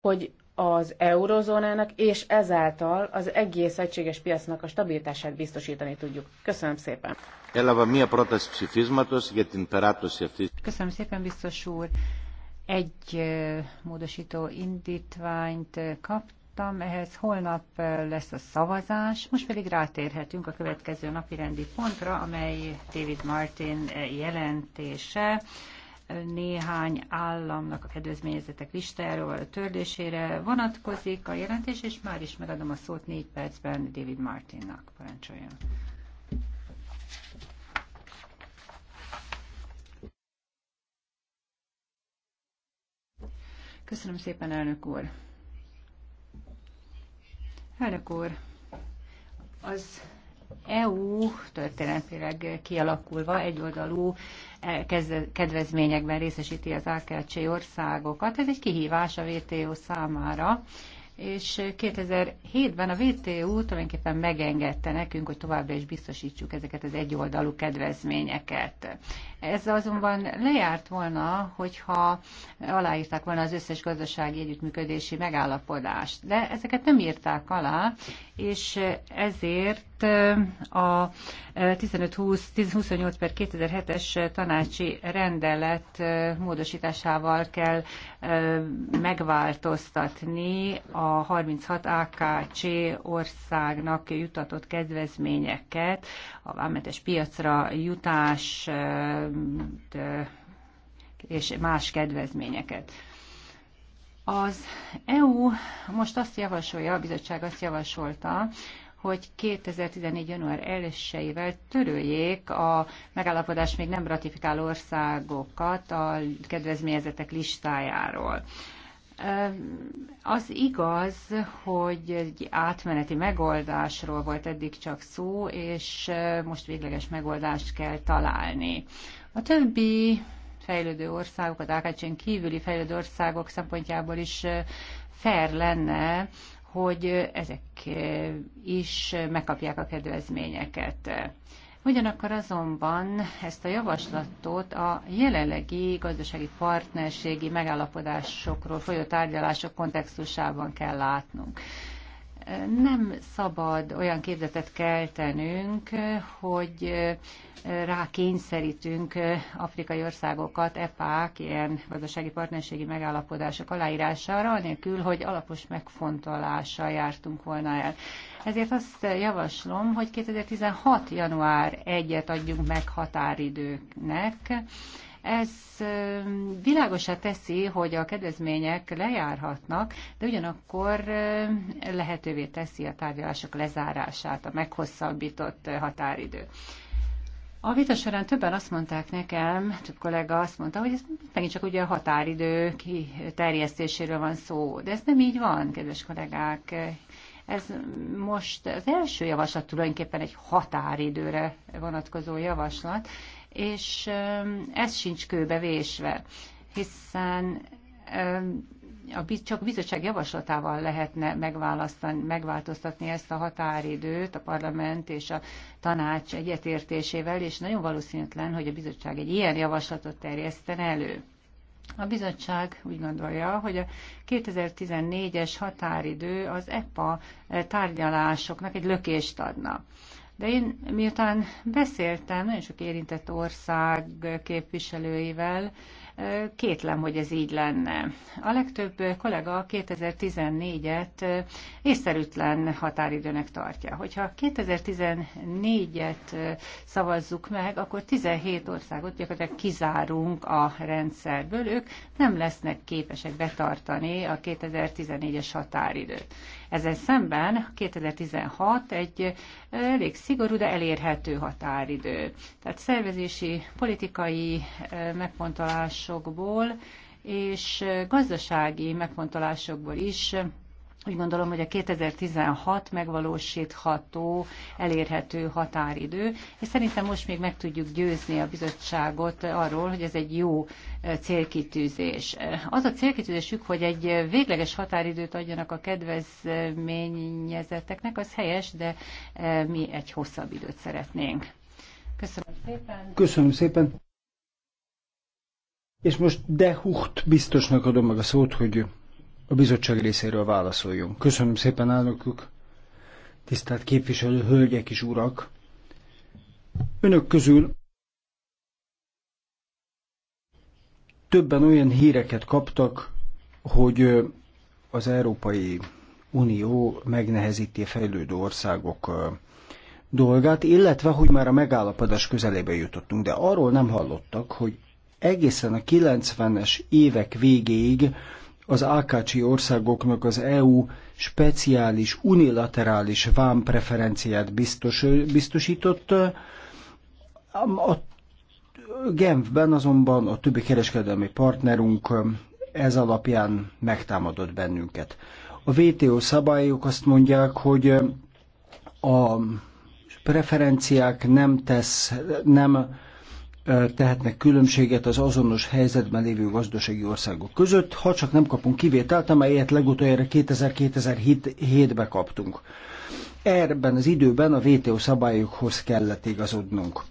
hogy az eurozónának és ezáltal az egész egységes piacnak a stabilitását biztosítani tudjuk. Köszönöm szépen. Köszönöm szépen, biztos úr. Egy módosító indítványt kaptam, ehhez holnap lesz a szavazás, most pedig rátérhetünk a következő napi rendi pontra, amely David Martin jelentése néhány államnak a kedvezményezetek listájáról a törlésére vonatkozik a jelentés, és már is megadom a szót négy percben David Martinnak. Parancsoljon. Köszönöm szépen, elnök úr. Elnök úr, az EU történetileg kialakulva egyoldalú eh, kedvezményekben részesíti az AKC országokat. Ez egy kihívás a WTO számára, és 2007-ben a WTO tulajdonképpen megengedte nekünk, hogy továbbra is biztosítsuk ezeket az egyoldalú kedvezményeket. Ez azonban lejárt volna, hogyha aláírták volna az összes gazdasági együttműködési megállapodást, de ezeket nem írták alá, és ezért a 15-20-28 per 2007-es tanácsi rendelet módosításával kell megváltoztatni a 36 AKC országnak jutatott kedvezményeket, a vámmentes piacra jutás és más kedvezményeket. Az EU most azt javasolja, a bizottság azt javasolta, hogy 2014. január 1-ével töröljék a megállapodás még nem ratifikáló országokat a kedvezményezetek listájáról. Az igaz, hogy egy átmeneti megoldásról volt eddig csak szó, és most végleges megoldást kell találni. A többi fejlődő országok, az akc kívüli fejlődő országok szempontjából is fair lenne hogy ezek is megkapják a kedvezményeket. Ugyanakkor azonban ezt a javaslatot a jelenlegi gazdasági partnerségi megállapodásokról folyó tárgyalások kontextusában kell látnunk nem szabad olyan képzetet keltenünk, hogy rákényszerítünk afrikai országokat, EPÁK, ilyen gazdasági partnerségi megállapodások aláírására, anélkül, hogy alapos megfontolással jártunk volna el. Ezért azt javaslom, hogy 2016. január 1-et adjunk meg határidőknek, ez világosá teszi, hogy a kedvezmények lejárhatnak, de ugyanakkor lehetővé teszi a tárgyalások lezárását, a meghosszabbított határidő. A vita során többen azt mondták nekem, több kollega azt mondta, hogy ez megint csak ugye a határidő kiterjesztéséről van szó, de ez nem így van, kedves kollégák. Ez most az első javaslat tulajdonképpen egy határidőre vonatkozó javaslat, és ez sincs kőbe vésve, hiszen a, csak a bizottság javaslatával lehetne megváltoztatni ezt a határidőt a parlament és a tanács egyetértésével, és nagyon valószínűtlen, hogy a bizottság egy ilyen javaslatot terjeszten elő. A bizottság úgy gondolja, hogy a 2014-es határidő az EPA tárgyalásoknak egy lökést adna. De én miután beszéltem nagyon sok érintett ország képviselőivel, Kétlem, hogy ez így lenne. A legtöbb kollega 2014-et észszerűtlen határidőnek tartja. Hogyha 2014-et szavazzuk meg, akkor 17 országot gyakorlatilag kizárunk a rendszerből. Ők nem lesznek képesek betartani a 2014-es határidőt. Ezzel szemben 2016 egy elég szigorú, de elérhető határidő. Tehát szervezési, politikai megfontolás megfontolásokból és gazdasági megfontolásokból is úgy gondolom, hogy a 2016 megvalósítható, elérhető határidő, és szerintem most még meg tudjuk győzni a bizottságot arról, hogy ez egy jó eh, célkitűzés. Eh, az a célkitűzésük, hogy egy végleges határidőt adjanak a kedvezményezetteknek, az helyes, de eh, mi egy hosszabb időt szeretnénk. Köszönöm szépen. Köszönöm szépen. És most de Hucht biztosnak adom meg a szót, hogy a bizottság részéről válaszoljunk. Köszönöm szépen, elnökük, tisztelt képviselő, hölgyek és urak. Önök közül többen olyan híreket kaptak, hogy az Európai Unió megnehezíti a fejlődő országok dolgát, illetve hogy már a megállapodás közelébe jutottunk, de arról nem hallottak, hogy egészen a 90-es évek végéig az Ákácsi országoknak az EU speciális unilaterális vámpreferenciát biztos, biztosított. A Genfben azonban a többi kereskedelmi partnerunk ez alapján megtámadott bennünket. A WTO szabályok azt mondják, hogy a preferenciák nem tesz, nem tehetnek különbséget az azonos helyzetben lévő gazdasági országok között, ha csak nem kapunk kivételt, amelyet legutoljára 2007 ben kaptunk. Erben az időben a WTO szabályokhoz kellett igazodnunk.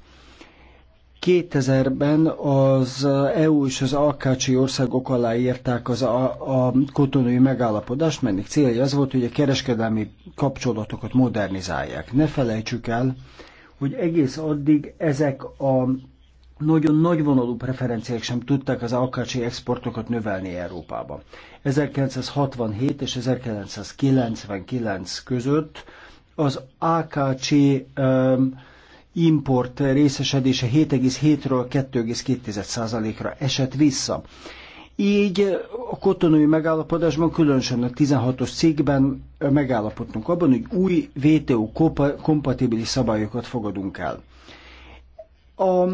2000-ben az EU és az Alkácsi országok aláírták az a, a kotonói megállapodást, melynek célja az volt, hogy a kereskedelmi kapcsolatokat modernizálják. Ne felejtsük el, hogy egész addig ezek a nagyon nagyvonalú preferenciák sem tudták az alkácsi exportokat növelni Európába. 1967 és 1999 között az AKC um, import részesedése 7,7-ről 2,2%-ra esett vissza. Így a kotonói megállapodásban, különösen a 16-os cikkben megállapodtunk abban, hogy új WTO kompatibilis szabályokat fogadunk el. A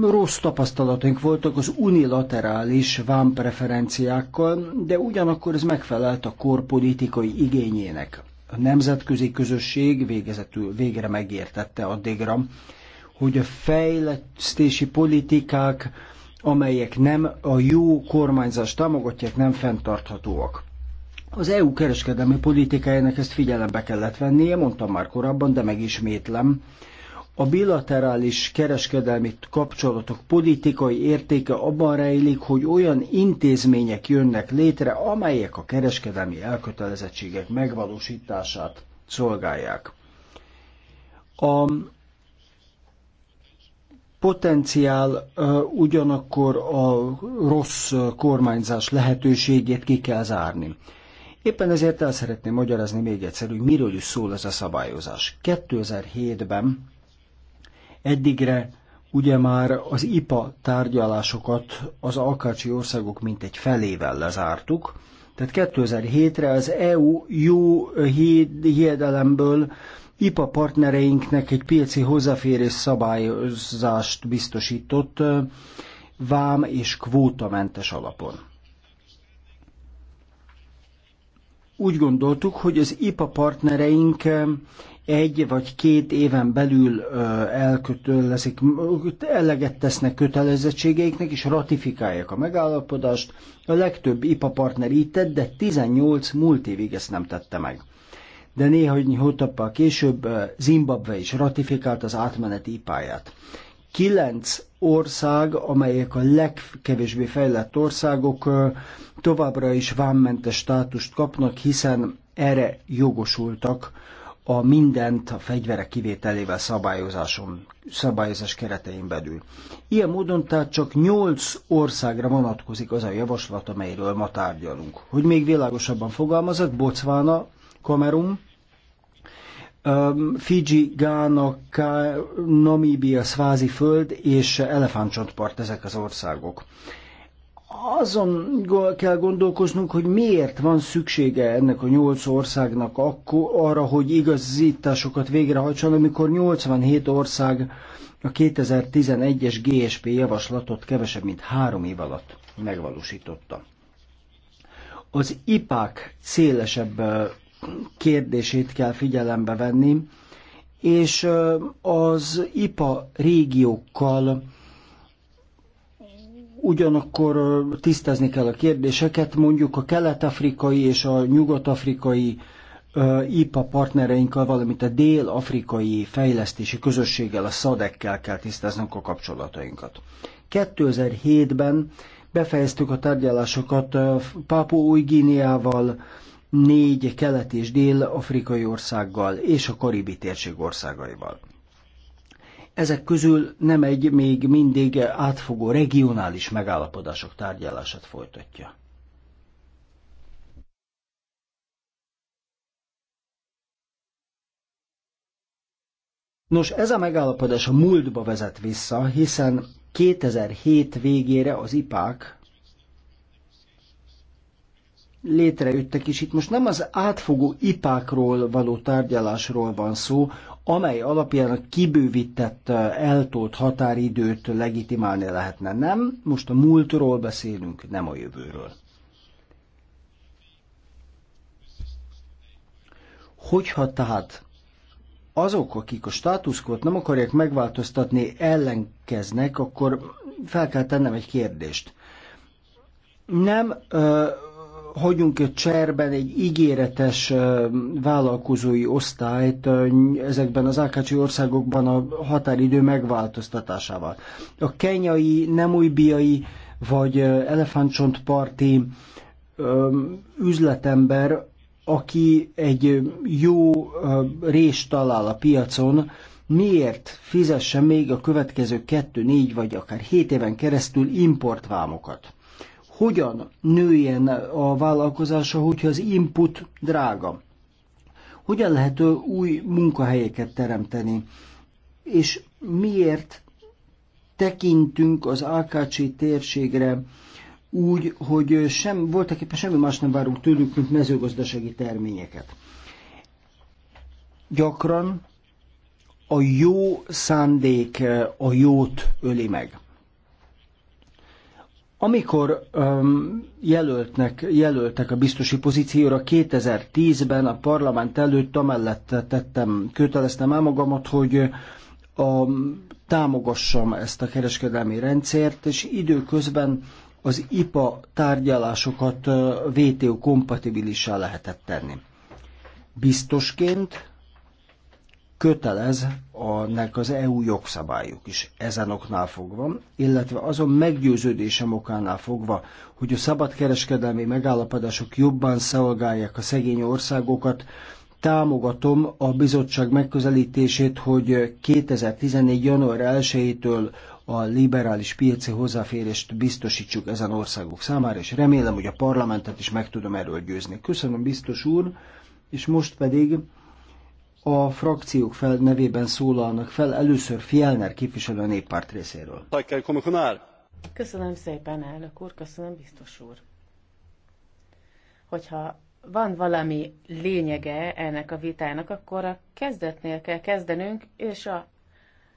rossz tapasztalataink voltak az unilaterális vámpreferenciákkal, de ugyanakkor ez megfelelt a korpolitikai igényének. A nemzetközi közösség végezetül végre megértette addigra, hogy a fejlesztési politikák, amelyek nem a jó kormányzást támogatják, nem fenntarthatóak. Az EU kereskedelmi politikájának ezt figyelembe kellett vennie, mondtam már korábban, de megismétlem, a bilaterális kereskedelmi kapcsolatok politikai értéke abban rejlik, hogy olyan intézmények jönnek létre, amelyek a kereskedelmi elkötelezettségek megvalósítását szolgálják. A potenciál ugyanakkor a rossz kormányzás lehetőségét ki kell zárni. Éppen ezért el szeretném magyarázni még egyszer, hogy miről is szól ez a szabályozás. 2007-ben Eddigre ugye már az IPA tárgyalásokat az alkácsi országok mintegy felével lezártuk, tehát 2007-re az EU jó hiedelemből IPA partnereinknek egy piaci hozzáférés szabályozást biztosított vám és kvótamentes alapon. Úgy gondoltuk, hogy az IPA partnereink egy vagy két éven belül elkötelezik, eleget tesznek kötelezettségeiknek, és ratifikálják a megállapodást. A legtöbb IPA partner így tett, de 18 múlt évig ezt nem tette meg. De néhány hónappal később Zimbabwe is ratifikált az átmeneti IPA-ját. Kilenc ország, amelyek a legkevésbé fejlett országok, továbbra is vámmentes státust kapnak, hiszen erre jogosultak a mindent a fegyverek kivételével szabályozáson, szabályozás keretein belül. Ilyen módon tehát csak nyolc országra vonatkozik az a javaslat, amelyről ma tárgyalunk. Hogy még világosabban fogalmazok, Botswana, Kamerun, Fiji, Gána, Namíbia, Szvázi föld és Elefántcsontpart ezek az országok azon kell gondolkoznunk, hogy miért van szüksége ennek a nyolc országnak akkor, arra, hogy igazításokat végrehajtson, amikor 87 ország a 2011-es GSP javaslatot kevesebb mint három év alatt megvalósította. Az IPák szélesebb kérdését kell figyelembe venni, és az IPA régiókkal Ugyanakkor tisztázni kell a kérdéseket, mondjuk a kelet-afrikai és a nyugat-afrikai IPA partnereinkkel, valamint a dél-afrikai fejlesztési közösséggel, a SZADEK-kel kell tisztáznunk a kapcsolatainkat. 2007-ben befejeztük a tárgyalásokat Pápó új Guineával, négy kelet- és dél-afrikai országgal és a karibi térség országaival. Ezek közül nem egy még mindig átfogó regionális megállapodások tárgyalását folytatja. Nos, ez a megállapodás a múltba vezet vissza, hiszen 2007 végére az IPÁK létrejöttek, és itt most nem az átfogó ipákról való tárgyalásról van szó, amely alapján a kibővített, eltolt határidőt legitimálni lehetne. Nem, most a múltról beszélünk, nem a jövőről. Hogyha tehát azok, akik a státuszkot nem akarják megváltoztatni, ellenkeznek, akkor fel kell tennem egy kérdést. Nem ö, hagyunk egy cserben egy ígéretes vállalkozói osztályt ezekben az ákácsi országokban a határidő megváltoztatásával. A kenyai, nemújbiai vagy elefántcsontparti üzletember, aki egy jó rést talál a piacon, miért fizesse még a következő kettő, négy vagy akár hét éven keresztül importvámokat? hogyan nőjen a vállalkozása, hogyha az input drága. Hogyan lehet új munkahelyeket teremteni, és miért tekintünk az AKC térségre úgy, hogy sem, voltak éppen semmi más nem várunk tőlük, mint mezőgazdasági terményeket. Gyakran a jó szándék a jót öli meg. Amikor um, jelöltnek, jelöltek a biztosi pozícióra 2010-ben a parlament előtt, amellett tettem, köteleztem el magamat, hogy a, támogassam ezt a kereskedelmi rendszert, és időközben az IPA tárgyalásokat VTO kompatibilissá lehetett tenni. Biztosként kötelez annak az EU jogszabályok is ezen oknál fogva, illetve azon meggyőződésem okánál fogva, hogy a szabadkereskedelmi megállapodások jobban szolgálják a szegény országokat, támogatom a bizottság megközelítését, hogy 2014. január 1-től a liberális piaci hozzáférést biztosítsuk ezen országok számára, és remélem, hogy a parlamentet is meg tudom erről győzni. Köszönöm, biztos úr, és most pedig a frakciók fel, nevében szólalnak fel, először Fielner képviselő a néppárt részéről. Köszönöm szépen, elnök úr, köszönöm, biztos úr. Hogyha van valami lényege ennek a vitának, akkor a kezdetnél kell kezdenünk, és a,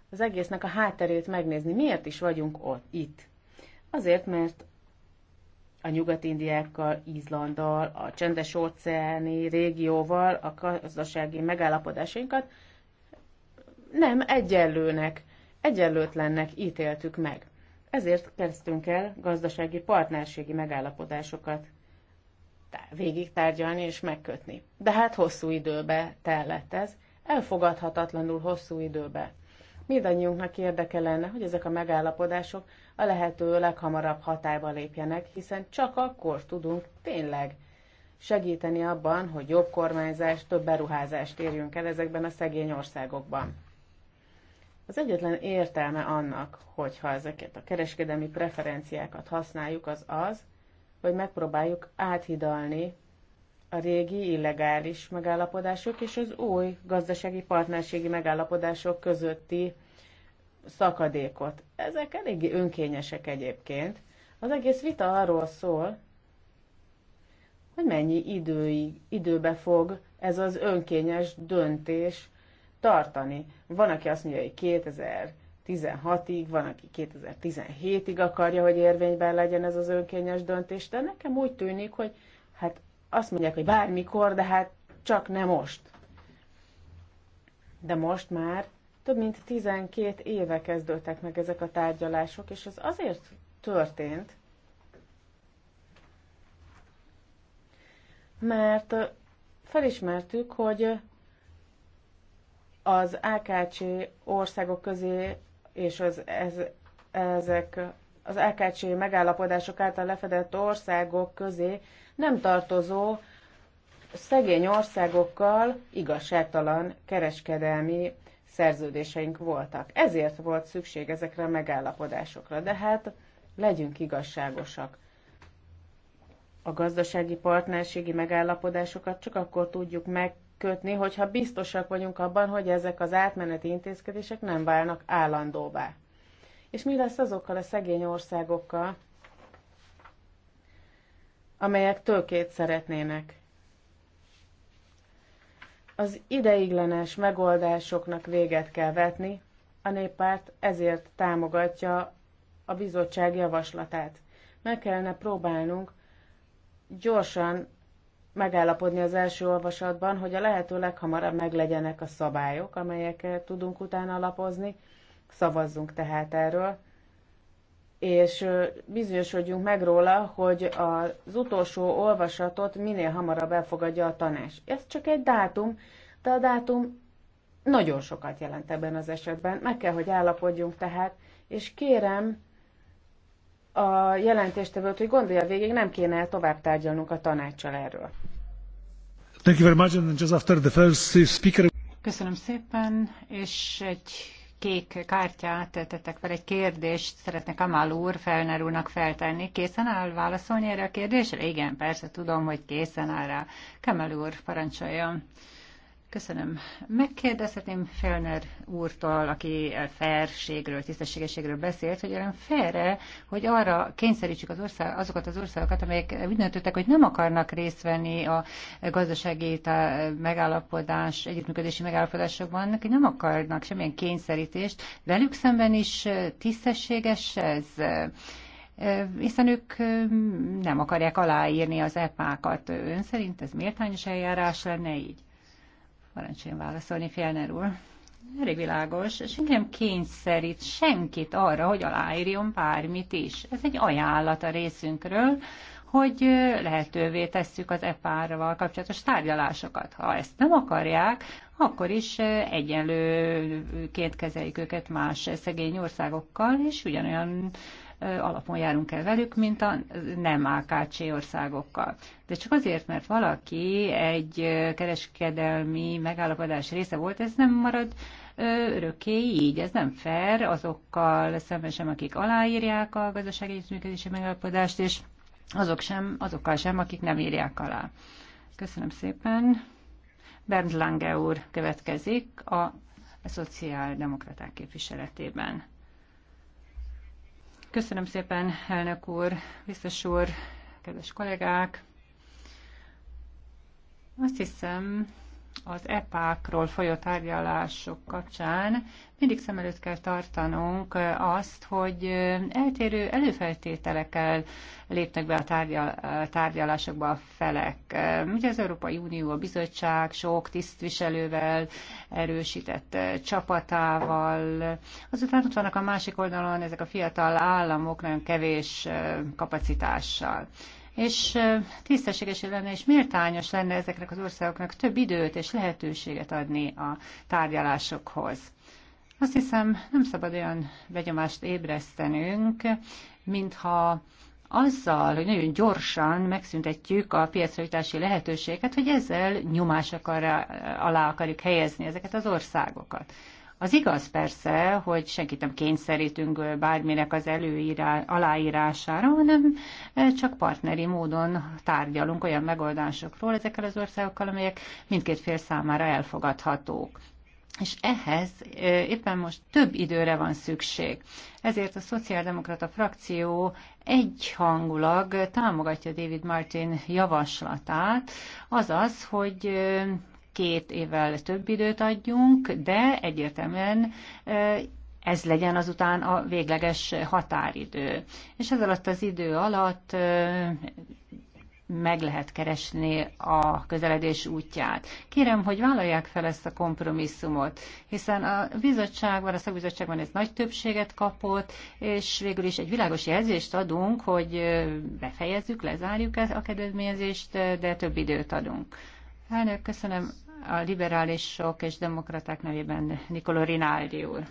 az egésznek a hátterét megnézni. Miért is vagyunk ott, itt? Azért, mert a nyugat-indiákkal, Izlanddal, a csendes óceáni régióval a gazdasági megállapodásainkat nem egyenlőnek, egyenlőtlennek ítéltük meg. Ezért kezdtünk el gazdasági partnerségi megállapodásokat végig tárgyalni és megkötni. De hát hosszú időbe tellett ez, elfogadhatatlanul hosszú időbe. Mindannyiunknak érdeke lenne, hogy ezek a megállapodások a lehető leghamarabb hatályba lépjenek, hiszen csak akkor tudunk tényleg segíteni abban, hogy jobb kormányzást, több beruházást érjünk el ezekben a szegény országokban. Az egyetlen értelme annak, hogyha ezeket a kereskedelmi preferenciákat használjuk, az az, hogy megpróbáljuk áthidalni a régi illegális megállapodások és az új gazdasági partnerségi megállapodások közötti szakadékot. Ezek eléggé önkényesek egyébként. Az egész vita arról szól, hogy mennyi időig, időbe fog ez az önkényes döntés tartani. Van, aki azt mondja, hogy 2016-ig, van, aki 2017-ig akarja, hogy érvényben legyen ez az önkényes döntés, de nekem úgy tűnik, hogy hát azt mondják, hogy bármikor, de hát csak nem most. De most már több mint 12 éve kezdődtek meg ezek a tárgyalások, és ez azért történt, mert felismertük, hogy az AKC országok közé és az, ez, ezek az AKC megállapodások által lefedett országok közé nem tartozó szegény országokkal igazságtalan kereskedelmi szerződéseink voltak. Ezért volt szükség ezekre a megállapodásokra. De hát legyünk igazságosak. A gazdasági partnerségi megállapodásokat csak akkor tudjuk megkötni, hogyha biztosak vagyunk abban, hogy ezek az átmeneti intézkedések nem válnak állandóvá. És mi lesz azokkal a szegény országokkal, amelyek tőkét szeretnének? Az ideiglenes megoldásoknak véget kell vetni, a néppárt ezért támogatja a bizottság javaslatát. Meg kellene próbálnunk gyorsan megállapodni az első olvasatban, hogy a lehető leghamarabb meglegyenek a szabályok, amelyekkel tudunk utána lapozni. Szavazzunk tehát erről, és bizonyosodjunk meg róla, hogy az utolsó olvasatot minél hamarabb elfogadja a tanás. Ez csak egy dátum, de a dátum nagyon sokat jelent ebben az esetben. Meg kell, hogy állapodjunk tehát, és kérem a jelentéstevőt, hogy gondolja végig, nem kéne el tovább tárgyalnunk a tanácssal erről. Thank you very much, and just after the first speaker... Köszönöm szépen, és egy kék kártyát tettek fel, egy kérdést szeretnék a úr Felner úrnak feltenni. Készen áll válaszolni erre a kérdésre? Igen, persze, tudom, hogy készen áll rá. Kemal úr, parancsoljon. Köszönöm. Megkérdezhetném Felner úrtól, aki felségről, tisztességességről beszélt, hogy olyan felre, hogy arra kényszerítsük az ország, azokat az országokat, amelyek úgy döntöttek, hogy nem akarnak részt venni a gazdasági megállapodás, együttműködési megállapodásokban, neki nem akarnak semmilyen kényszerítést. Velük szemben is tisztességes ez hiszen ők nem akarják aláírni az epákat. Ön szerint ez méltányos eljárás lenne így? Parancsoljon válaszolni, Fjellner úr. Elég világos, és nem kényszerít senkit arra, hogy aláírjon bármit is. Ez egy ajánlat a részünkről, hogy lehetővé tesszük az EPÁR-val kapcsolatos tárgyalásokat. Ha ezt nem akarják, akkor is egyenlőként kezeljük őket más szegény országokkal, és ugyanolyan alapon járunk el velük, mint a nem AKC országokkal. De csak azért, mert valaki egy kereskedelmi megállapodás része volt, ez nem marad örökké így. Ez nem fair azokkal szemben sem, akik aláírják a gazdasági együttműködési megállapodást, és azok sem, azokkal sem, akik nem írják alá. Köszönöm szépen. Bernd Lange úr következik a szociáldemokraták képviseletében. Köszönöm szépen, elnök úr, biztos úr, kedves kollégák. Azt hiszem, az EPÁKról folyó tárgyalások kapcsán mindig szem előtt kell tartanunk azt, hogy eltérő előfeltételekkel lépnek be a tárgyalásokba a felek. Ugye az Európai Unió, a bizottság sok tisztviselővel, erősített csapatával. Azután ott vannak a másik oldalon ezek a fiatal államok nagyon kevés kapacitással és tisztességes lenne és méltányos lenne ezeknek az országoknak több időt és lehetőséget adni a tárgyalásokhoz. Azt hiszem, nem szabad olyan begyomást ébresztenünk, mintha azzal, hogy nagyon gyorsan megszüntetjük a piacrajtási lehetőséget, hogy ezzel nyomás akar, alá akarjuk helyezni ezeket az országokat. Az igaz persze, hogy senkit nem kényszerítünk bárminek az előírá, aláírására, hanem eh, csak partneri módon tárgyalunk olyan megoldásokról ezekkel az országokkal, amelyek mindkét fél számára elfogadhatók. És ehhez eh, éppen most több időre van szükség. Ezért a szociáldemokrata frakció egyhangulag támogatja David Martin javaslatát, azaz, hogy eh, két évvel több időt adjunk, de egyértelműen ez legyen azután a végleges határidő. És ez alatt az idő alatt meg lehet keresni a közeledés útját. Kérem, hogy vállalják fel ezt a kompromisszumot, hiszen a bizottságban, a szakbizottságban ez nagy többséget kapott, és végül is egy világos jelzést adunk, hogy befejezzük, lezárjuk a kedvezményezést, de több időt adunk. Elnök, köszönöm a liberálisok és demokraták nevében Nicolò Rinaldi úr.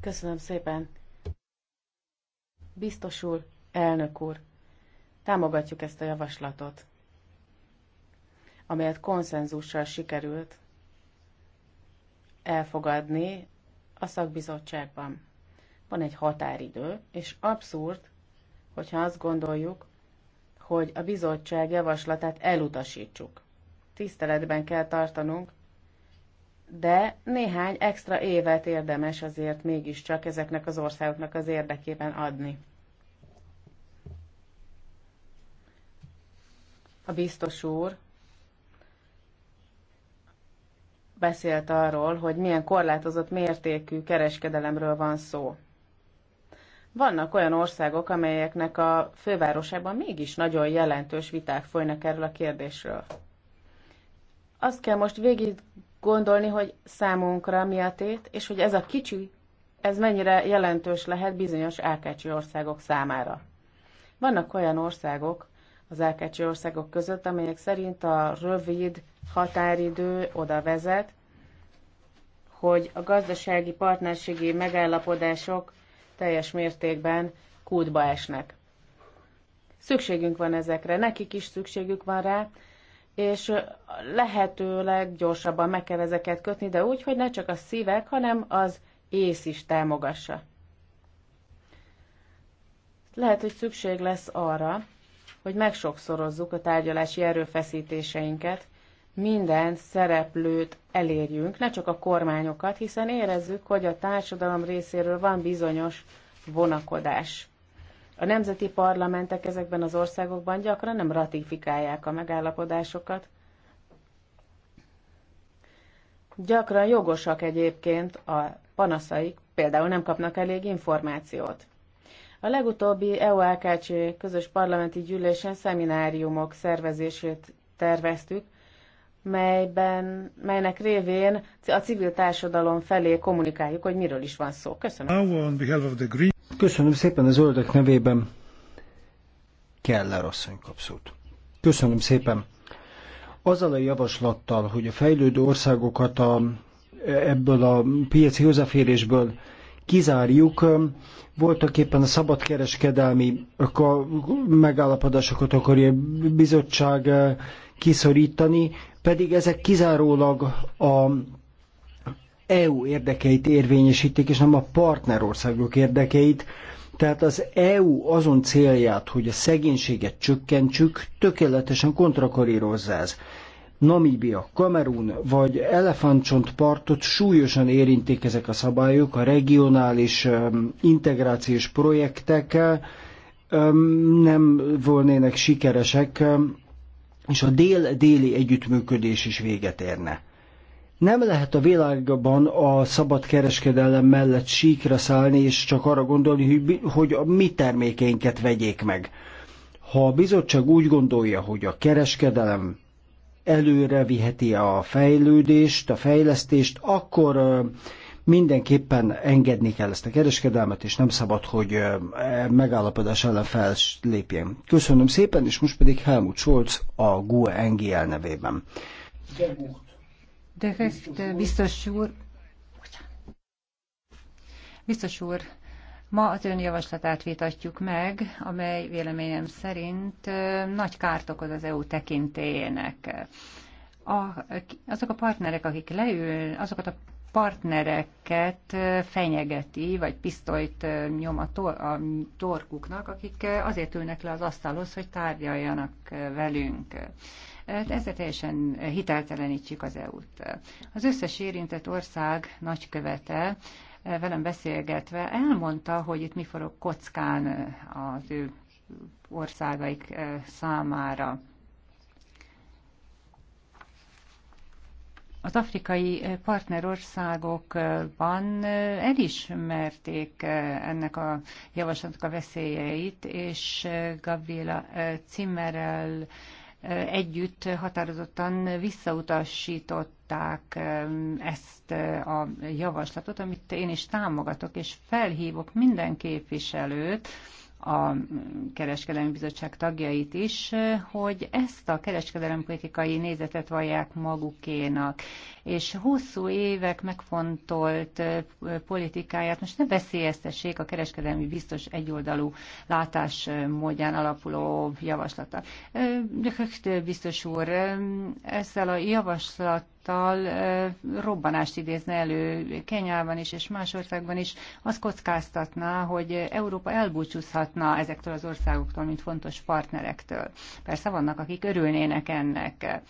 Köszönöm szépen. Biztos úr, elnök úr, támogatjuk ezt a javaslatot, amelyet konszenzussal sikerült elfogadni a szakbizottságban. Van egy határidő, és abszurd, hogyha azt gondoljuk, hogy a bizottság javaslatát elutasítsuk. Tiszteletben kell tartanunk, de néhány extra évet érdemes azért mégiscsak ezeknek az országoknak az érdekében adni. A biztos úr beszélt arról, hogy milyen korlátozott mértékű kereskedelemről van szó. Vannak olyan országok, amelyeknek a fővárosában mégis nagyon jelentős viták folynak erről a kérdésről. Azt kell most végig gondolni, hogy számunkra mi a tét, és hogy ez a kicsi, ez mennyire jelentős lehet bizonyos ákácsi országok számára. Vannak olyan országok az ákácsi országok között, amelyek szerint a rövid határidő oda vezet, hogy a gazdasági partnerségi megállapodások teljes mértékben kútba esnek. Szükségünk van ezekre, nekik is szükségük van rá, és lehetőleg gyorsabban meg kell ezeket kötni, de úgy, hogy ne csak a szívek, hanem az ész is támogassa. Lehet, hogy szükség lesz arra, hogy megsokszorozzuk a tárgyalási erőfeszítéseinket, minden szereplőt elérjünk, ne csak a kormányokat, hiszen érezzük, hogy a társadalom részéről van bizonyos vonakodás. A nemzeti parlamentek ezekben az országokban gyakran nem ratifikálják a megállapodásokat. Gyakran jogosak egyébként a panaszaik, például nem kapnak elég információt. A legutóbbi EU-AKC közös parlamenti gyűlésen szemináriumok szervezését terveztük, melyben, melynek révén a civil társadalom felé kommunikáljuk, hogy miről is van szó. Köszönöm. Köszönöm szépen a zöldek nevében. Keller asszony kapszót. Köszönöm szépen. Azzal a javaslattal, hogy a fejlődő országokat a, ebből a piaci hozzáférésből kizárjuk, voltak éppen a szabadkereskedelmi megállapodásokat akarja bizottság kiszorítani, pedig ezek kizárólag a EU érdekeit érvényesítik, és nem a partnerországok érdekeit. Tehát az EU azon célját, hogy a szegénységet csökkentsük, tökéletesen kontrakarírozza ez. Namíbia, Kamerun vagy Elefántcsontpartot súlyosan érintik ezek a szabályok, a regionális integrációs projektek nem volnének sikeresek, és a dél-déli együttműködés is véget érne. Nem lehet a világban a szabad kereskedelem mellett síkra szállni, és csak arra gondolni, hogy hogy a mi termékeinket vegyék meg. Ha a bizottság úgy gondolja, hogy a kereskedelem előre viheti a fejlődést, a fejlesztést, akkor mindenképpen engedni kell ezt a kereskedelmet, és nem szabad, hogy megállapodás ellen fellépjen. Köszönöm szépen, és most pedig Helmut Scholz a GUE NGL nevében. De ezt biztos úr, biztos úr, Ma az ön javaslatát vitatjuk meg, amely véleményem szerint nagy kárt okoz az EU tekintélyének a, azok a partnerek, akik leül, azokat a partnereket fenyegeti, vagy pisztolyt nyom a, tor- a torkuknak, akik azért ülnek le az asztalhoz, hogy tárgyaljanak velünk. Hát ezzel teljesen hiteltelenítjük az EU-t. Az összes érintett ország nagykövete velem beszélgetve elmondta, hogy itt mi forog kockán az ő országaik számára. az afrikai eh, partnerországokban eh, elismerték eh, ennek a javaslatnak a veszélyeit, és Gabriela Zimmerrel együtt határozottan visszautasították ezt a javaslatot, amit én is támogatok, és felhívok minden képviselőt, a Kereskedelmi Bizottság tagjait is, hogy ezt a kereskedelempolitikai nézetet vallják magukénak, és hosszú évek megfontolt eh, politikáját most ne veszélyeztessék a kereskedelmi biztos egyoldalú látásmódján eh, alapuló javaslata. Eh, biztos úr, ezzel a javaslat ezáltal robbanást idézne elő Kenyában is és más országban is, az kockáztatná, hogy Európa elbúcsúzhatna ezektől az országoktól, mint fontos partnerektől. Persze vannak, akik örülnének ennek.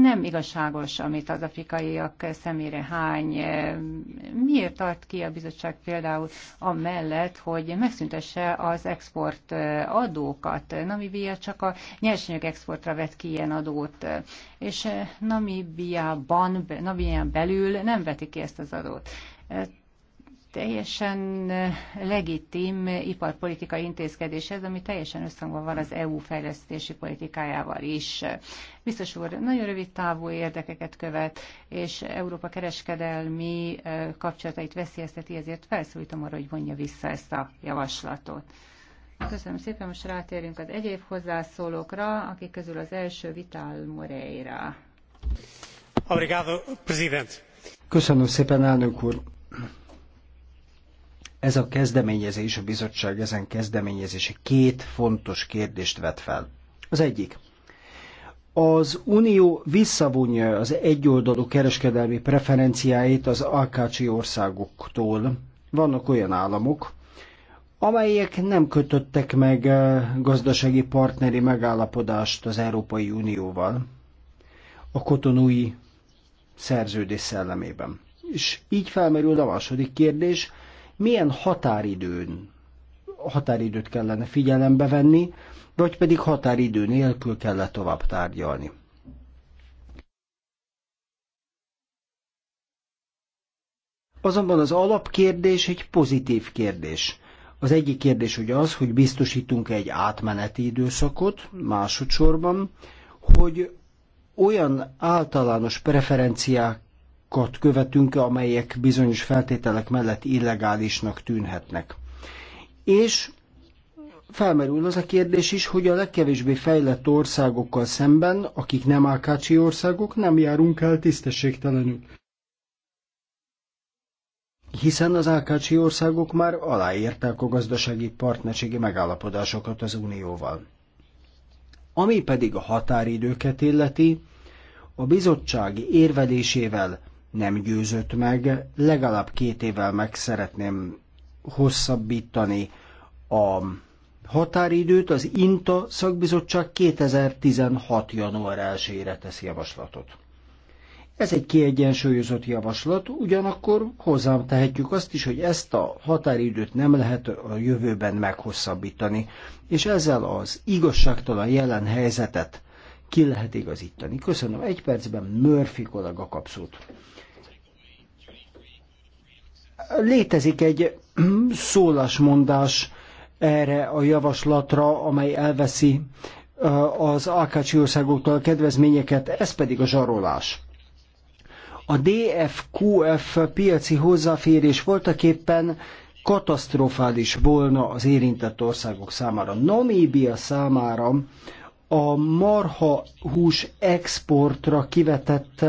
Nem igazságos, amit az afrikaiak szemére hány. Miért tart ki a bizottság például amellett, hogy megszüntesse az export adókat? Namibia csak a nyersanyag exportra vett ki ilyen adót, és Namibiában, Namibián belül nem vetik ki ezt az adót teljesen legitim iparpolitikai intézkedés ez, ami teljesen összhangban van az EU fejlesztési politikájával is. Biztos úr, nagyon rövid távú érdekeket követ, és Európa kereskedelmi kapcsolatait veszélyezteti, ezért felszólítom arra, hogy vonja vissza ezt a javaslatot. Köszönöm szépen, most rátérünk az egyéb hozzászólókra, akik közül az első Vital Moreira. Obrigado, President. Köszönöm szépen, elnök úr. Ez a kezdeményezés, a bizottság ezen kezdeményezése két fontos kérdést vet fel. Az egyik, az Unió visszavonja az egyoldalú kereskedelmi preferenciáit az Alkácsi országoktól. Vannak olyan államok, amelyek nem kötöttek meg eh, gazdasági partneri megállapodást az Európai Unióval a kotonúi szerződés szellemében. És így felmerül a második kérdés, milyen határidőn határidőt kellene figyelembe venni, vagy pedig határidő nélkül kellett tovább tárgyalni. Azonban az alapkérdés egy pozitív kérdés. Az egyik kérdés ugye az, hogy biztosítunk -e egy átmeneti időszakot, másodszorban, hogy olyan általános preferenciák követünk, amelyek bizonyos feltételek mellett illegálisnak tűnhetnek. És felmerül az a kérdés is, hogy a legkevésbé fejlett országokkal szemben, akik nem ákácsi országok, nem járunk el tisztességtelenül. Hiszen az ákácsi országok már aláírták a gazdasági partnerségi megállapodásokat az Unióval. Ami pedig a határidőket illeti, a bizottság érvelésével nem győzött meg. Legalább két évvel meg szeretném hosszabbítani a határidőt. Az INTA szakbizottság 2016. január 1-ére tesz javaslatot. Ez egy kiegyensúlyozott javaslat, ugyanakkor hozzám tehetjük azt is, hogy ezt a határidőt nem lehet a jövőben meghosszabbítani, és ezzel az igazságtalan jelen helyzetet ki lehet igazítani. Köszönöm, egy percben Murphy kollega kapszót. Létezik egy szólásmondás erre a javaslatra, amely elveszi az Ákácsi országoktól a kedvezményeket, ez pedig a zsarolás. A DFQF piaci hozzáférés voltaképpen katasztrofális volna az érintett országok számára. Namíbia számára a marha hús exportra kivetett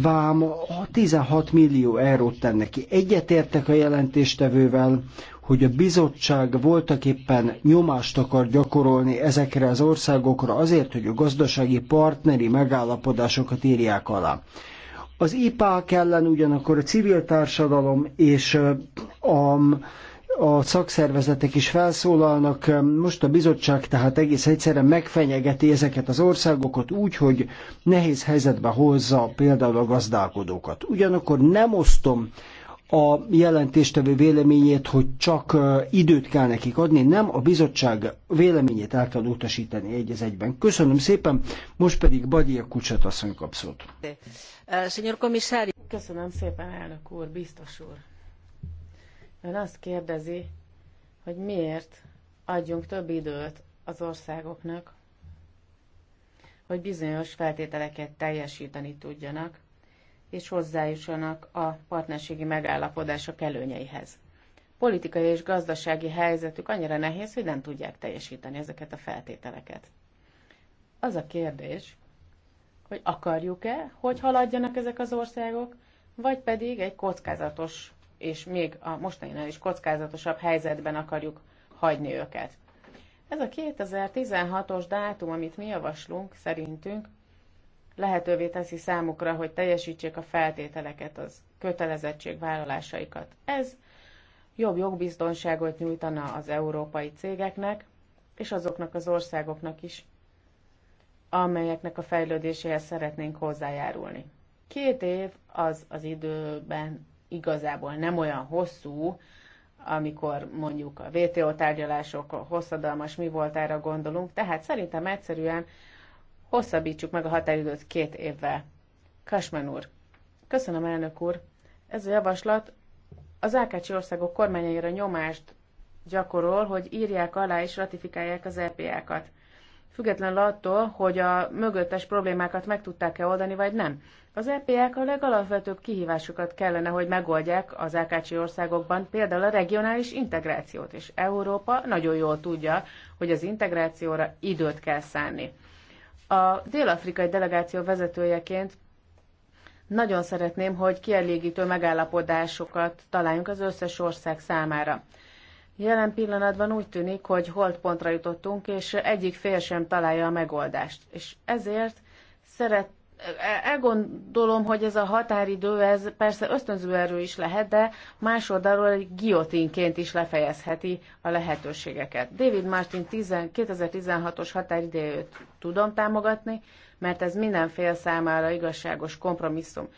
vám 16 millió eurót tenne ki. Egyetértek a jelentéstevővel, hogy a bizottság voltak éppen nyomást akar gyakorolni ezekre az országokra azért, hogy a gazdasági partneri megállapodásokat írják alá. Az IPA ellen ugyanakkor a civil társadalom és a a szakszervezetek is felszólalnak. Most a bizottság tehát egész egyszerűen megfenyegeti ezeket az országokat úgy, hogy nehéz helyzetbe hozza például a gazdálkodókat. Ugyanakkor nem osztom a jelentéstevő véleményét, hogy csak időt kell nekik adni, nem a bizottság véleményét el kell utasítani egy az egyben. Köszönöm szépen, most pedig Badia Kucsat asszony kap szót. Köszönöm szépen, elnök úr, biztos úr. Ön azt kérdezi, hogy miért adjunk több időt az országoknak, hogy bizonyos feltételeket teljesíteni tudjanak, és hozzájussanak a partnerségi megállapodások előnyeihez. Politikai és gazdasági helyzetük annyira nehéz, hogy nem tudják teljesíteni ezeket a feltételeket. Az a kérdés, hogy akarjuk-e, hogy haladjanak ezek az országok, vagy pedig egy kockázatos és még a mostaninál is kockázatosabb helyzetben akarjuk hagyni őket. Ez a 2016-os dátum, amit mi javaslunk, szerintünk lehetővé teszi számukra, hogy teljesítsék a feltételeket, az vállalásaikat. Ez jobb jogbiztonságot nyújtana az európai cégeknek, és azoknak az országoknak is, amelyeknek a fejlődéséhez szeretnénk hozzájárulni. Két év az az időben igazából nem olyan hosszú, amikor mondjuk a VTO tárgyalások hosszadalmas mi voltára gondolunk, tehát szerintem egyszerűen hosszabbítsuk meg a határidőt két évvel. Kasmen úr, köszönöm elnök úr, ez a javaslat az Ákácsi országok kormányaira nyomást gyakorol, hogy írják alá és ratifikálják az EPA-kat függetlenül attól, hogy a mögöttes problémákat meg tudták-e oldani, vagy nem. Az ep k a legalapvetőbb kihívásokat kellene, hogy megoldják az LKC országokban, például a regionális integrációt, és Európa nagyon jól tudja, hogy az integrációra időt kell szánni. A dél-afrikai delegáció vezetőjeként nagyon szeretném, hogy kielégítő megállapodásokat találjunk az összes ország számára. Jelen pillanatban úgy tűnik, hogy holdpontra jutottunk, és egyik fél sem találja a megoldást. És ezért szeret, e-, elgondolom, hogy ez a határidő, ez persze ösztönző erő is lehet, de más oldalról egy giotinként is lefejezheti a lehetőségeket. David Martin 2016-os határidejét tudom támogatni, mert ez minden fél számára igazságos kompromisszum.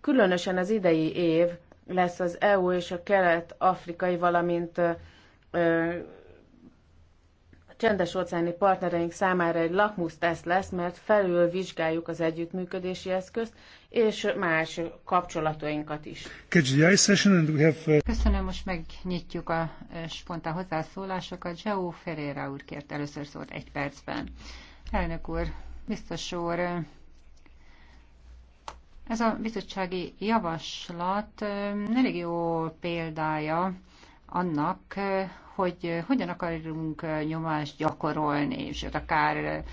Különösen az idei év lesz az EU és a kelet-afrikai, valamint csendes-óceáni partnereink számára egy lakmusztesz lesz, mert felül vizsgáljuk az együttműködési eszközt, és más kapcsolatainkat is. Uh, Köszönöm, most megnyitjuk a spontán hozzászólásokat. Zseó Ferreira úr kért először szót egy percben. Elnök úr, biztos úr, ez a bizottsági javaslat elég jó példája annak, hogy hogyan akarunk nyomást gyakorolni, és akár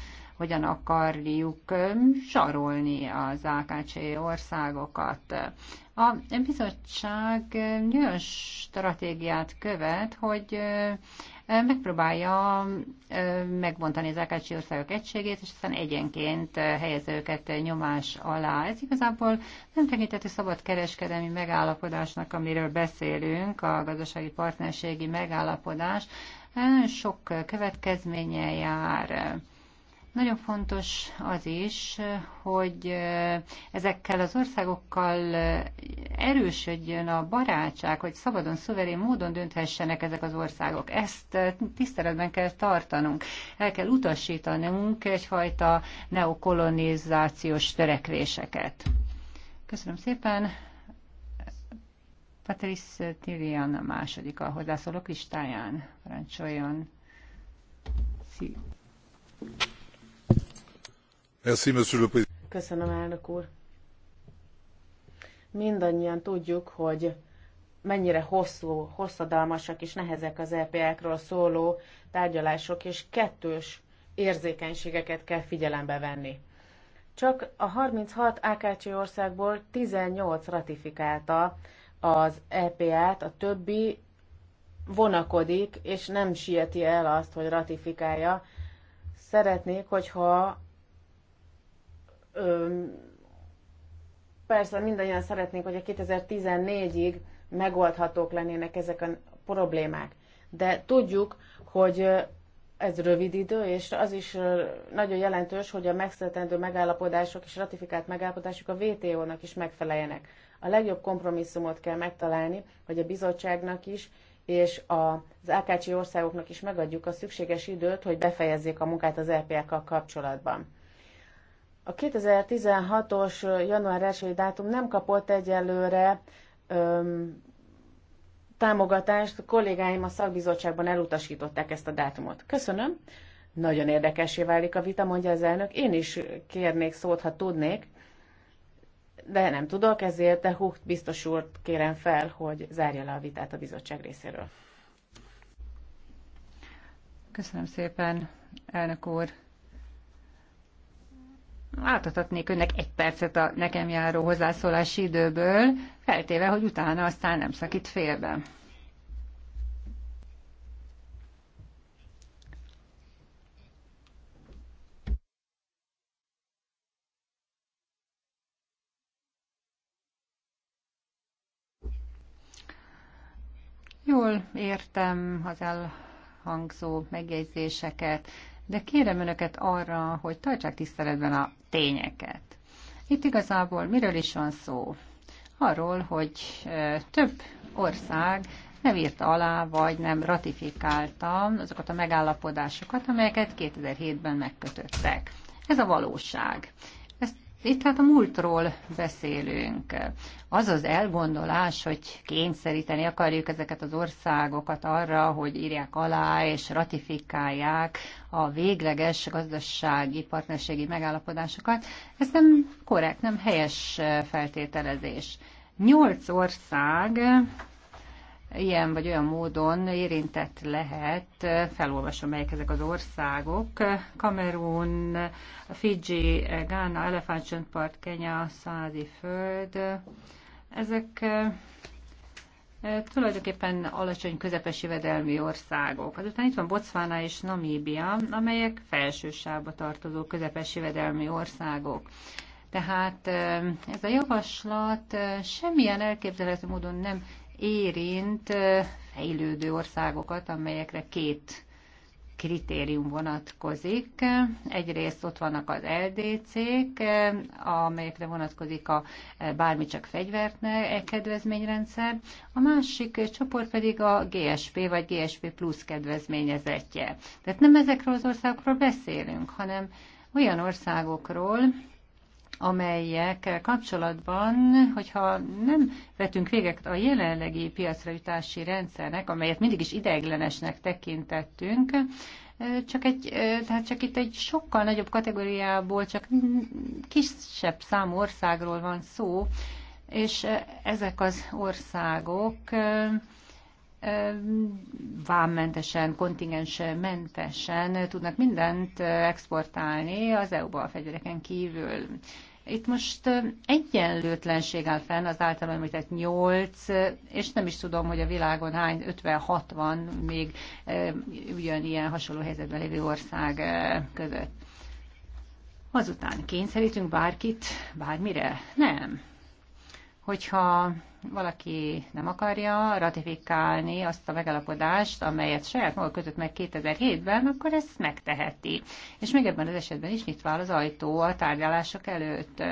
hogyan akarjuk sarolni az AKC országokat. A bizottság olyan stratégiát követ, hogy megpróbálja megbontani az AKC országok egységét, és aztán egyenként helyező őket nyomás alá. Ez igazából nem tekintető szabad kereskedelmi megállapodásnak, amiről beszélünk, a gazdasági partnerségi megállapodás, nagyon sok következménye jár nagyon fontos az is, hogy ezekkel az országokkal erősödjön a barátság, hogy szabadon, szuverén módon dönthessenek ezek az országok. Ezt tiszteletben kell tartanunk. El kell utasítanunk egyfajta neokolonizációs törekvéseket. Köszönöm szépen. Patrice Tirian a második a hozzászólók listáján. Parancsoljon. Szia. Köszönöm, elnök úr. Mindannyian tudjuk, hogy mennyire hosszú, hosszadalmasak és nehezek az epa kről szóló tárgyalások, és kettős érzékenységeket kell figyelembe venni. Csak a 36 AKC országból 18 ratifikálta az EPA-t, a többi vonakodik, és nem sieti el azt, hogy ratifikálja. Szeretnék, hogyha persze mindannyian szeretnénk, hogy a 2014-ig megoldhatók lennének ezek a problémák. De tudjuk, hogy ez rövid idő, és az is nagyon jelentős, hogy a megszületendő megállapodások és ratifikált megállapodások a WTO-nak is megfeleljenek. A legjobb kompromisszumot kell megtalálni, hogy a bizottságnak is és az Ákácsi országoknak is megadjuk a szükséges időt, hogy befejezzék a munkát az EPA-kkal kapcsolatban. A 2016-os január 1 dátum nem kapott egyelőre öm, támogatást, a kollégáim a szakbizottságban elutasították ezt a dátumot. Köszönöm. Nagyon érdekesé válik a vita, mondja az elnök. Én is kérnék szót, ha tudnék, de nem tudok, ezért de Hucht biztos úr kérem fel, hogy zárja le a vitát a bizottság részéről. Köszönöm szépen, elnök úr átadhatnék önnek egy percet a nekem járó hozzászólási időből, feltéve, hogy utána aztán nem szakít félbe. Jól értem az elhangzó megjegyzéseket de kérem önöket arra, hogy tartsák tiszteletben a tényeket. Itt igazából miről is van szó? Arról, hogy több ország nem írta alá, vagy nem ratifikálta azokat a megállapodásokat, amelyeket 2007-ben megkötöttek. Ez a valóság. Itt hát a múltról beszélünk. Az az elgondolás, hogy kényszeríteni akarjuk ezeket az országokat arra, hogy írják alá és ratifikálják a végleges gazdasági partnerségi megállapodásokat, ez nem korrekt, nem helyes feltételezés. Nyolc ország ilyen vagy olyan módon érintett lehet, felolvasom melyek ezek az országok, Kamerun, Fiji, Ghana, Park, Kenya, Szádi föld, ezek eh, tulajdonképpen alacsony közepes jövedelmi országok. Azután itt van Botswana és Namíbia, amelyek felső sávba tartozó közepes jövedelmi országok. Tehát eh, ez a javaslat eh, semmilyen elképzelhető módon nem érint fejlődő országokat, amelyekre két kritérium vonatkozik. Egyrészt ott vannak az LDC-k, amelyekre vonatkozik a bármi csak fegyvert e kedvezményrendszer, a másik csoport pedig a GSP vagy GSP plusz kedvezményezetje. Tehát nem ezekről az országokról beszélünk, hanem olyan országokról, amelyek kapcsolatban, hogyha nem vetünk véget a jelenlegi piacra jutási rendszernek, amelyet mindig is ideiglenesnek tekintettünk, csak, egy, tehát csak itt egy sokkal nagyobb kategóriából, csak kisebb számú országról van szó, és ezek az országok vámmentesen, kontingensmentesen tudnak mindent exportálni az EU-ba a fegyvereken kívül. Itt most egyenlőtlenség áll fenn az általam említett 8, és nem is tudom, hogy a világon hány, 50-60 még ugyanilyen hasonló helyzetben lévő ország között. Azután kényszerítünk bárkit bármire? Nem hogyha valaki nem akarja ratifikálni azt a megalapodást, amelyet saját maga kötött meg 2007-ben, akkor ezt megteheti. És még ebben az esetben is nyitva az ajtó a tárgyalások előtt.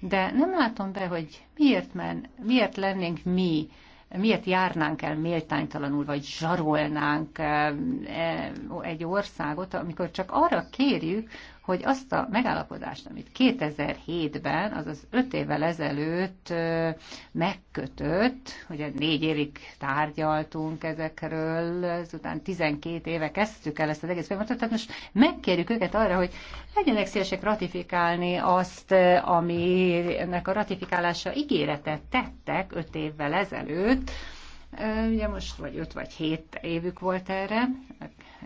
De nem látom be, hogy miért, men, miért lennénk mi miért járnánk el méltánytalanul, vagy zsarolnánk eh, eh, egy országot, amikor csak arra kérjük, hogy azt a megállapodást, amit 2007-ben, azaz 5 évvel ezelőtt eh, megkötött, ugye négy évig tárgyaltunk ezekről, ezután 12 éve kezdtük el ezt az egész folyamatot, tehát most megkérjük őket arra, hogy legyenek szívesek ratifikálni azt, aminek a ratifikálása ígéretet tettek 5 évvel ezelőtt, volt. Ugye most vagy 5 vagy 7 évük volt erre,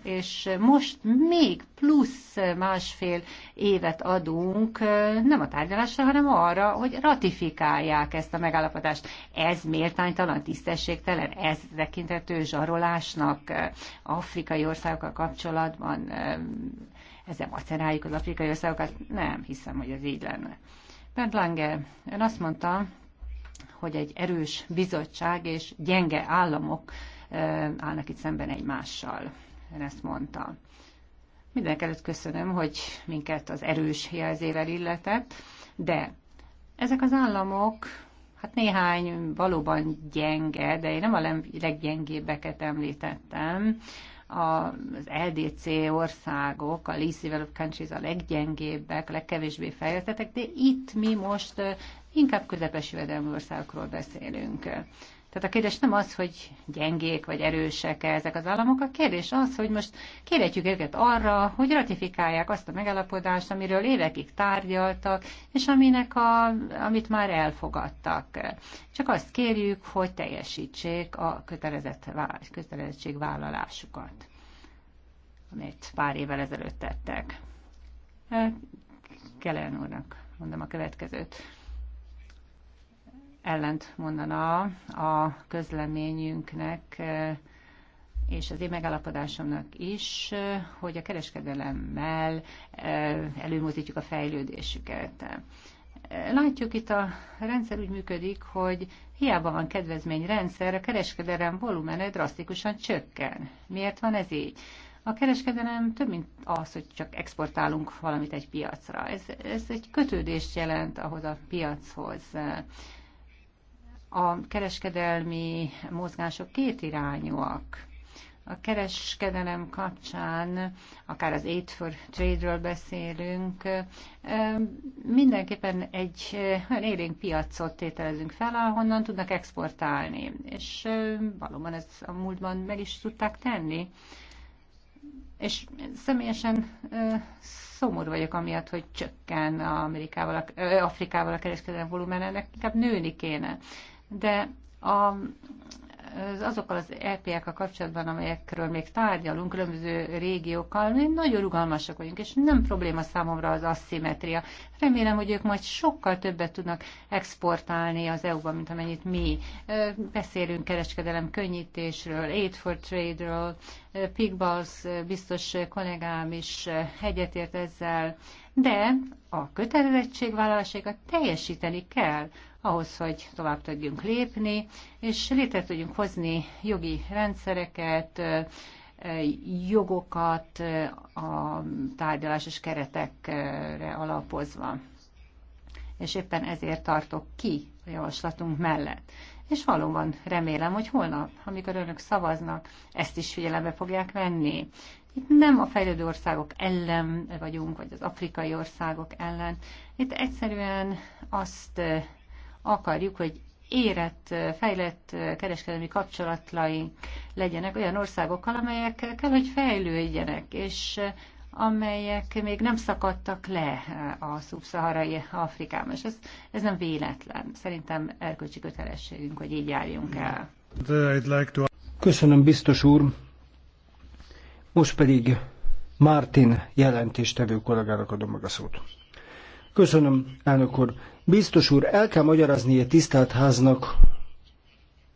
és most még plusz másfél évet adunk nem a tárgyalásra, hanem arra, hogy ratifikálják ezt a megállapodást. Ez méltánytalan, tisztességtelen, ez tekintető zsarolásnak afrikai országokkal kapcsolatban ezzel maceráljuk az afrikai országokat. Nem hiszem, hogy ez így lenne. Bent Lange, ön azt mondta, hogy egy erős bizottság és gyenge államok állnak itt szemben egymással. Én ezt mondta. Mindenkelőtt előtt köszönöm, hogy minket az erős jelzével illetett, de ezek az államok, hát néhány valóban gyenge, de én nem a leggyengébbeket említettem, az LDC országok, a least developed countries a leggyengébbek, a legkevésbé fejlettek, de itt mi most inkább közepes jövedelmű országokról beszélünk. Tehát a kérdés nem az, hogy gyengék vagy erősek -e ezek az államok, a kérdés az, hogy most kérhetjük őket arra, hogy ratifikálják azt a megállapodást, amiről évekig tárgyaltak, és aminek a, amit már elfogadtak. Csak azt kérjük, hogy teljesítsék a kötelezett, kötelezettségvállalásukat, amit pár évvel ezelőtt tettek. Kellen úrnak mondom a következőt ellent mondana a közleményünknek eh, és az én megállapodásomnak is, eh, hogy a kereskedelemmel eh, előmozdítjuk a fejlődésüket. Látjuk itt a rendszer úgy működik, hogy hiába van kedvezményrendszer, a kereskedelem volumene drasztikusan csökken. Miért van ez így? A kereskedelem több, mint az, hogy csak exportálunk valamit egy piacra. Ez, ez egy kötődést jelent ahhoz a piachoz a kereskedelmi mozgások két irányúak. A kereskedelem kapcsán, akár az Aid for Trade-ről beszélünk, mindenképpen egy olyan élénk piacot tételezünk fel, ahonnan tudnak exportálni. És valóban ez a múltban meg is tudták tenni. És személyesen szomorú vagyok amiatt, hogy csökken a Amerikával, Afrikával a kereskedelem volumen, ennek inkább nőni kéne de a, azokkal az EP-ekkel kapcsolatban, amelyekről még tárgyalunk, különböző régiókkal, mi nagyon rugalmasak vagyunk, és nem probléma számomra az asszimetria. Remélem, hogy ők majd sokkal többet tudnak exportálni az EU-ban, mint amennyit mi. Beszélünk kereskedelem könnyítésről, Aid for Trade-ről, Pigbals biztos kollégám is egyetért ezzel, de a kötelezettségvállalásaikat teljesíteni kell ahhoz, hogy tovább tudjunk lépni, és létre tudjunk hozni jogi rendszereket, jogokat a tárgyalásos keretekre alapozva. És éppen ezért tartok ki a javaslatunk mellett. És valóban remélem, hogy holnap, amikor önök szavaznak, ezt is figyelembe fogják venni. Itt nem a fejlődő országok ellen vagyunk, vagy az afrikai országok ellen. Itt egyszerűen azt akarjuk, hogy érett, fejlett kereskedelmi kapcsolataink legyenek olyan országokkal, amelyek kell, hogy fejlődjenek, és amelyek még nem szakadtak le a szubszaharai Afrikában, és ez, ez nem véletlen. Szerintem erkölcsi kötelességünk, hogy így járjunk el. Köszönöm, biztos úr. Most pedig Martin jelentéstevő kollégának adom meg a szót. Köszönöm, elnök úr. Biztos úr, el kell magyarázni a tisztelt háznak,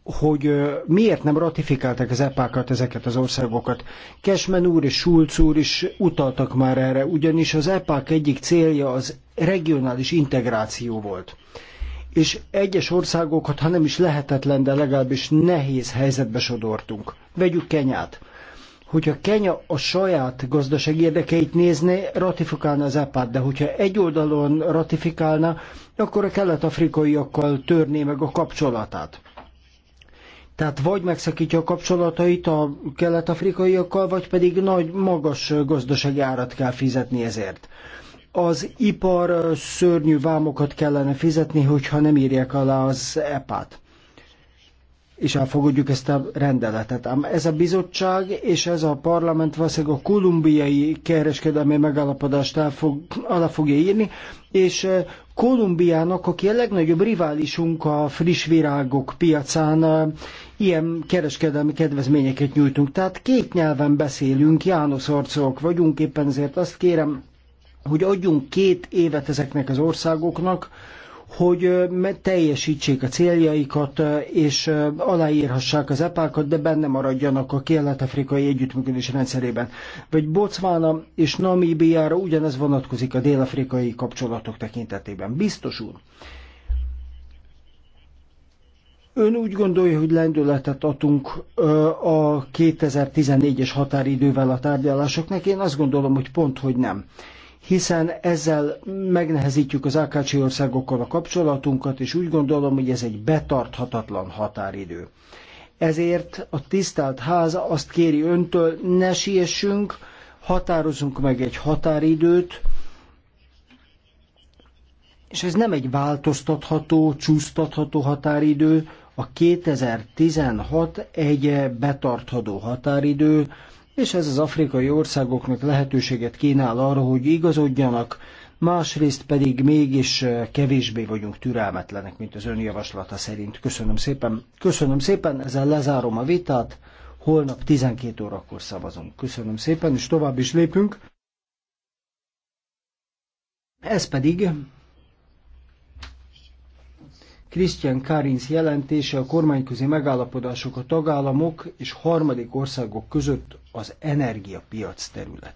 hogy miért nem ratifikálták az EPA-kat, ezeket az országokat. Kesmen úr és Schulz úr is utaltak már erre, ugyanis az EPA-k egyik célja az regionális integráció volt. És egyes országokat, ha nem is lehetetlen, de legalábbis nehéz helyzetbe sodortunk. Vegyük Kenyát hogyha Kenya a saját gazdasági érdekeit nézné, ratifikálna az EPA-t, de hogyha egy oldalon ratifikálna, akkor a kelet-afrikaiakkal törné meg a kapcsolatát. Tehát vagy megszakítja a kapcsolatait a kelet-afrikaiakkal, vagy pedig nagy, magas gazdasági árat kell fizetni ezért. Az ipar szörnyű vámokat kellene fizetni, hogyha nem írják alá az EPA-t és elfogadjuk ezt a rendeletet. Ám ez a bizottság és ez a parlament valószínűleg a kolumbiai kereskedelmi megállapodást el fog, alá fogja írni, és eh, Kolumbiának, aki a legnagyobb riválisunk a friss virágok piacán, eh, ilyen kereskedelmi kedvezményeket nyújtunk. Tehát két nyelven beszélünk, János arcok vagyunk, éppen ezért azt kérem, hogy adjunk két évet ezeknek az országoknak, hogy teljesítsék a céljaikat, és aláírhassák az epákat, de benne maradjanak a kelet-afrikai együttműködés rendszerében. Vagy Botswana és Namíbiára ugyanez vonatkozik a dél-afrikai kapcsolatok tekintetében. Biztos úr. Ön úgy gondolja, hogy lendületet adunk a 2014-es határidővel a tárgyalásoknak? Én azt gondolom, hogy pont, hogy nem hiszen ezzel megnehezítjük az AKC országokkal a kapcsolatunkat, és úgy gondolom, hogy ez egy betarthatatlan határidő. Ezért a tisztelt ház azt kéri öntől, ne siessünk, határozunk meg egy határidőt, és ez nem egy változtatható, csúsztatható határidő, a 2016 egy betartható határidő, és ez az afrikai országoknak lehetőséget kínál arra, hogy igazodjanak, másrészt pedig mégis eh, kevésbé vagyunk türelmetlenek, mint az ön javaslata szerint. Köszönöm szépen. Köszönöm szépen, ezzel lezárom a vitát. Holnap 12 órakor szavazunk. Köszönöm szépen, és tovább is lépünk. Ez pedig Christian Karins jelentése a kormányközi megállapodások a tagállamok és harmadik országok között az energiapiac területe.